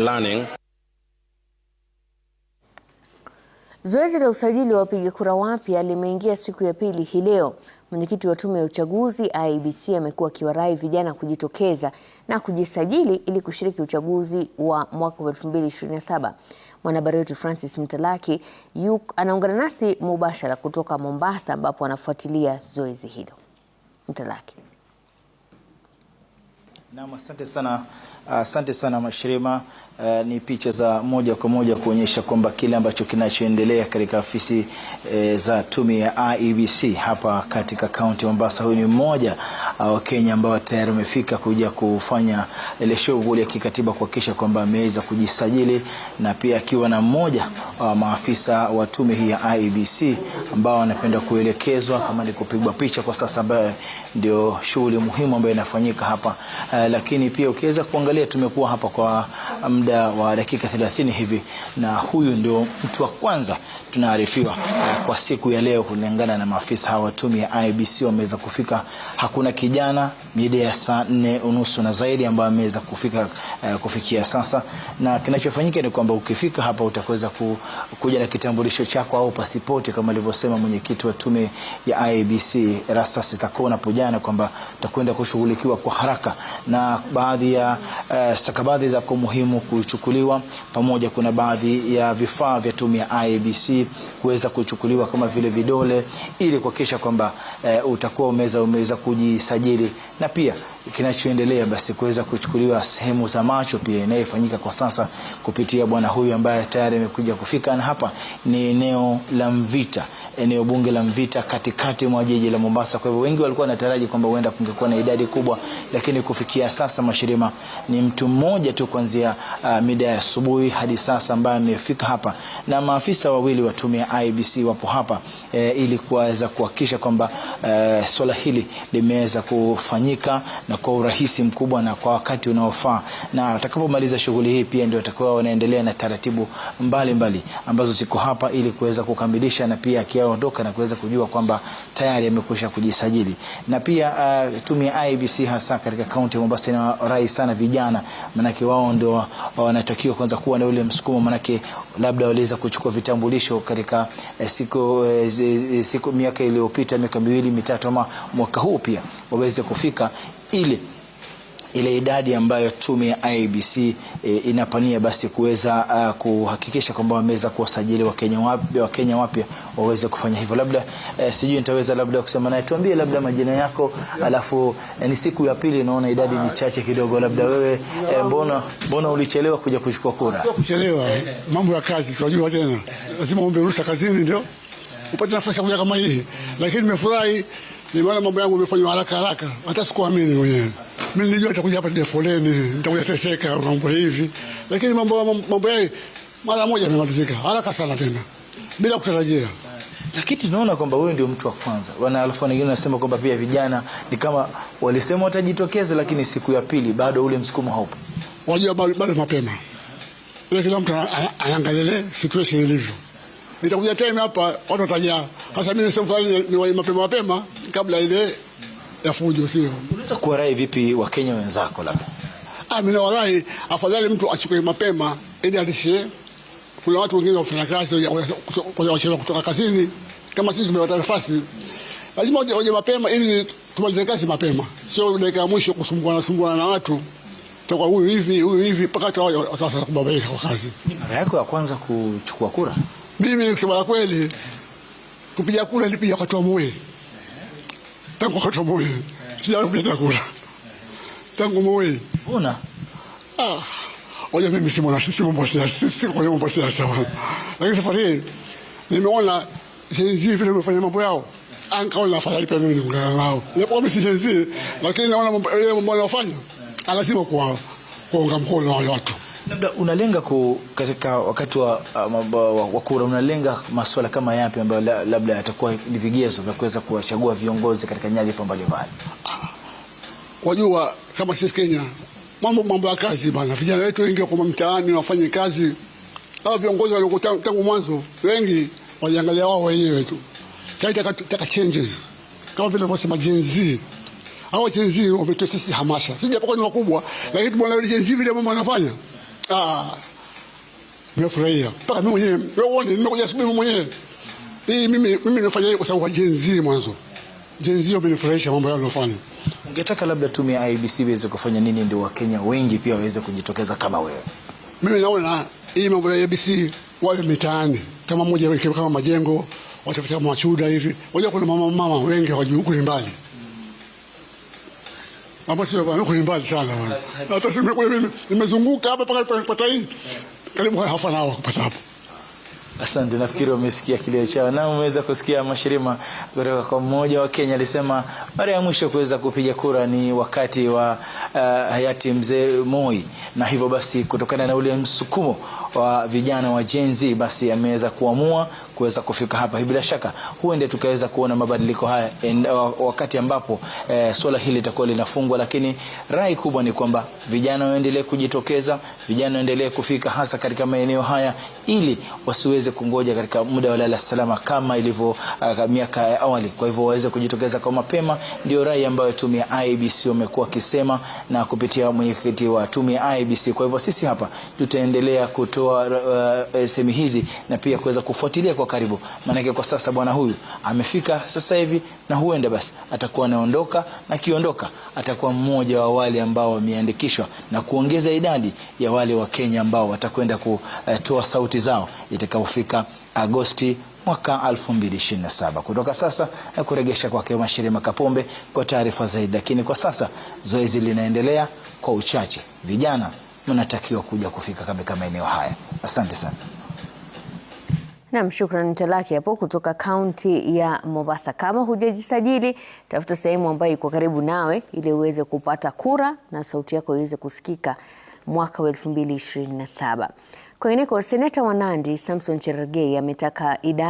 learning. Zoezi la usajili wa wapiga kura wapya limeingia siku ya pili hii leo. Mwenyekiti wa tume ya uchaguzi IEBC amekuwa akiwarai vijana kujitokeza na kujisajili ili kushiriki uchaguzi wa mwaka wa 2027. Mwanahabari wetu Francis Mtalaki anaungana nasi mubashara kutoka Mombasa ambapo anafuatilia zoezi hilo. Mtalaki. Naam, asante sana, uh, asante sana Mashirima. Uh, ni picha za moja kwa moja kuonyesha kwamba kile ambacho kinachoendelea katika afisi eh, za tume ya IEBC hapa katika kaunti ya Mombasa. Huyu ni mmoja uh, wa uh, Kenya ambao tayari umefika kuja kufanya ile shughuli ya kikatiba kuhakikisha kwamba ameweza kujisajili na pia akiwa na mmoja wa uh, maafisa wa tume hii ya IEBC ambao wanapenda kuelekezwa kama ni kupigwa picha kwa sasa, ambayo ndio shughuli muhimu ambayo inafanyika hapa uh, Eh, lakini pia ukiweza kuangalia tumekuwa hapa kwa muda wa dakika 30 hivi, na huyu ndio mtu wa kwanza tunaarifiwa eh, kwa siku ya leo. Kulingana na maafisa hawa wa tume ya IBC wameweza kufika, hakuna kijana mida ya saa nne unusu na zaidi ambayo ameweza kufika uh, kufikia sasa, na kinachofanyika ni kwamba ukifika hapa utaweza kuja na kitambulisho chako au pasipoti kama alivyosema mwenyekiti wa tume ya IBC Erastus Takona hapo jana kwamba utakwenda kushughulikiwa kwa haraka na baadhi ya uh, stakabadhi zako muhimu kuchukuliwa, pamoja kuna baadhi ya vifaa vya tume ya ibc kuweza kuchukuliwa kama vile vidole, ili kuhakikisha kwamba uh, utakuwa umeweza umeweza kujisajili na pia kinachoendelea basi kuweza kuchukuliwa sehemu za macho pia inayofanyika kwa sasa kupitia bwana huyu ambaye tayari amekuja kufika, na hapa ni eneo la Mvita, eneo bunge la Mvita, katikati mwa jiji la Mombasa. Kwa hivyo wengi walikuwa wanataraji kwamba huenda kungekuwa na idadi kubwa, lakini kufikia sasa mashirima ni mtu mmoja tu kuanzia uh, mida ya asubuhi hadi sasa ambaye amefika hapa, na maafisa wawili wa tume ya IBC wapo hapa eh, ili kuweza kuhakikisha kwamba eh, swala hili limeweza kufanyika na kwa urahisi mkubwa na kwa wakati unaofaa, na watakapomaliza shughuli hii pia ndio watakuwa wanaendelea na taratibu mbalimbali mbali ambazo ziko hapa ili kuweza kukamilisha, na pia akiaondoka na kuweza kujua kwamba tayari amekwisha kujisajili. Na pia uh, tume ya IEBC hasa katika kaunti ya Mombasa ina rai sana vijana, manake wao ndio wanatakiwa kwanza kuwa na ule msukumo, manake labda waliweza kuchukua vitambulisho katika eh, siku, eh, siku miaka iliyopita miaka miwili mitatu ama mwaka huu pia waweze kufika ile ile idadi ambayo tume ya IBC e, inapania basi kuweza uh, kuhakikisha kwamba wameweza kuwasajili Wakenya wapya Wakenya wapya waweze kufanya hivyo. Labda e, sijui nitaweza labda kusema naye, tuambie labda majina yako, alafu e, ni siku ya pili, naona idadi ni chache kidogo, labda wewe e, mbona mbona ulichelewa kuja kuchukua kura? Sio kuchelewa, eh. mambo ya kazi sijua tena, lazima ombe ruhusa kazini ndio upate nafasi ya kuja kama hii, lakini nimefurahi Nimeona mambo yangu yamefanywa haraka haraka, hata sikuamini mwenyewe. Mimi nilijua nitakuja hapa ndio foleni, nitakuja teseka mambo hivi, lakini mambo mambo yake mara moja yamemalizika haraka sana tena bila kutarajia. Lakini tunaona kwamba wewe ndio mtu wa kwanza. Wana alafu wengine wanasema kwamba pia vijana ni kama walisema watajitokeza, lakini siku ya pili bado ule msukumo haupo. Wajua bado mapema, ile kila mtu anaangalia situation ilivyo nitakuja tena hapa, watu watajaa. Sasa mimi sehemu fulani ni wa mapema mapema kabla ile ya fujo, sio? Unaweza kuwarai vipi Wakenya wenzako labda? Ah, mimi nawarai, afadhali mtu achukue mapema ili atishie. Kuna watu wengine wafanya kazi wachelewa kutoka kazini, kama sisi tumepata nafasi, lazima waje mapema ili tumalize kazi mapema, sio dakika ya mwisho kusumbuana sumbuana na watu toka huyu hivi huyu hivi mpaka watu watakubabaika kwa kazi. Ni Mara yako ya kwanza kuchukua kura mimi kusema la kweli, kupiga kura nilipiga wakati wa Moi, tangu wakati wa Moi sijapiga kura tangu Moi. Mbona? Ah, oja mimi si mwana si mambo ya si kwenye mambo ya sawa, lakini safari hii nimeona jinsi vile wamefanya mambo yao ankaona ah, afadhali pia mimi niungana nao, japo kama si Jenzi, lakini naona mambo yao yanayofanya lazima kuwa kuunga mkono wale watu. Labda unalenga ku, katika wakati wa, wa, kura unalenga masuala kama yapi ambayo labda yatakuwa ni vigezo vya kuweza kuwachagua viongozi katika nyadhifa mbalimbali? Wajua, kama sisi Kenya, mambo mambo ya kazi bana, vijana wetu wengi wako mtaani wafanye kazi. Hao viongozi waliokuwa tangu mwanzo wengi waliangalia wao wenyewe tu. Sasa itataka changes kama vile wanasema Gen Z hawa Gen Z hamasa, sijapokuwa ni wakubwa, lakini tumeona Gen Z vile mambo anafanya ah, nimefurahia mpaka mimi mwenyewe wewe nimekuja asubuhi mimi mwenyewe hii mimi mimi nafanya kwa sababu wa mwanzo. Gen Z wamenifurahisha mambo yao waliofanya. Ungetaka labda tume ya IBC iweze kufanya nini ndio Wakenya wengi pia waweze kujitokeza kama wewe? Mimi naona hii mambo ya IBC wawe mitaani kama mmoja kama majengo watafuta machuda hivi. Unajua kuna mama mama wengi hawajui huko ni mbali mambo sio bwana, huko ni mbali sana bwana. Hata nimezunguka hapa mpaka nilipata hii. Karibu hafa nao kupata hapo. Asante, nafikiri wamesikia kilio chao na umeweza kusikia mashirima kutoka kwa mmoja wa Kenya alisema mara ya mwisho kuweza kupiga kura ni wakati wa uh, hayati mzee Moi, na hivyo basi kutokana na ule msukumo wa vijana wa Gen Z basi ameweza kuamua kuweza kufika hapa. Bila shaka huende tukaweza kuona mabadiliko haya en, wakati ambapo eh, swala hili litakuwa linafungwa, lakini rai kubwa ni kwamba vijana waendelee kujitokeza, vijana waendelee kufika hasa katika maeneo haya ili wasiweze waweze kungoja katika muda wa lala salama kama ilivyo uh, miaka ya awali. Kwa hivyo waweze kujitokeza kwa mapema, ndio rai ambayo tume ya IBC wamekuwa wakisema na kupitia mwenyekiti wa tume ya IBC. Kwa hivyo sisi hapa tutaendelea kutoa uh, semi hizi na pia kuweza kufuatilia kwa karibu, maanake kwa sasa bwana huyu amefika sasa hivi na huenda basi atakuwa anaondoka, na akiondoka atakuwa mmoja wa wale ambao wameandikishwa na kuongeza idadi ya wale wa Kenya ambao watakwenda kutoa sauti zao itakapofika Agosti mwaka 2027. Kutoka sasa na kuregesha kwake Mashirima Kapombe kwa taarifa zaidi, lakini kwa sasa zoezi linaendelea kwa uchache. Vijana mnatakiwa kuja kufika katika maeneo haya. Asante sana. Nam, shukrani Talaki hapo kutoka kaunti ya Mombasa. Kama hujajisajili, tafuta sehemu ambayo iko karibu nawe ili uweze kupata kura na sauti yako iweze kusikika mwaka wa 2027. Kwingineko, seneta wa Nandi Samson Cherargei ametaka idara